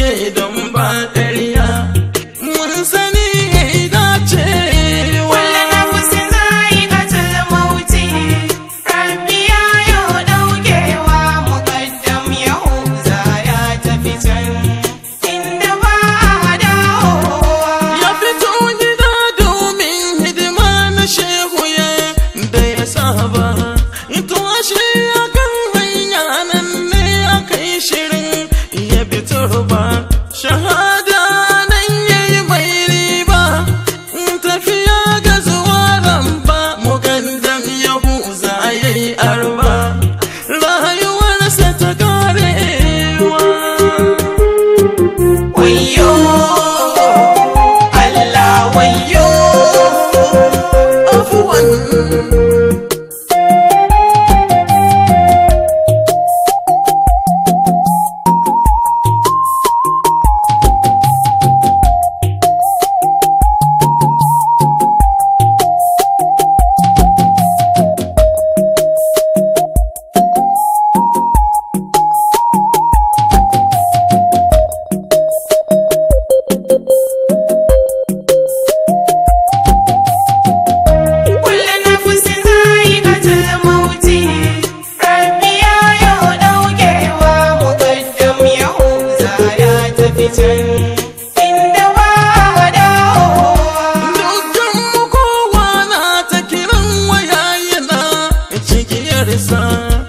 ke don ba Madison.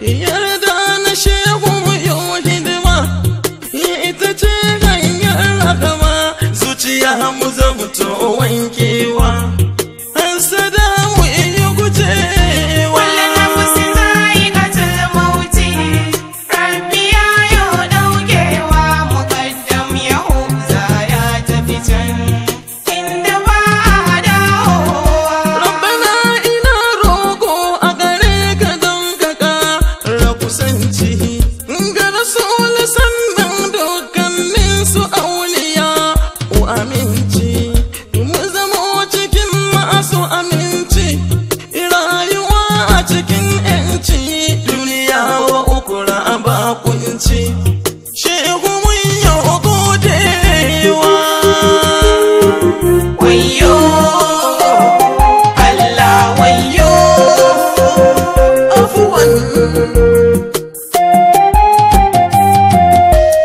yarda na shehu yau ita ce zuciya mu masu aminci rayuwa a cikin yanci duniya wa uku ba kunci shehu mun yau godewa wayo Allah wayo afuwan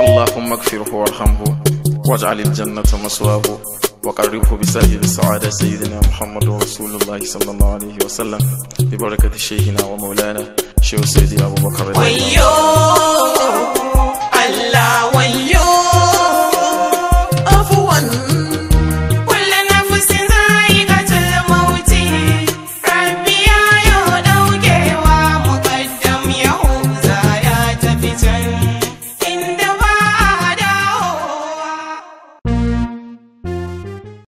اللهم اغفره وارحمه واجعل الجنة مثواه وقربه بسائر السعادة سيدنا محمد رسول الله صلى الله عليه وسلم ببركة شيخنا ومولانا شيخ سيدي أبو بكر ويوه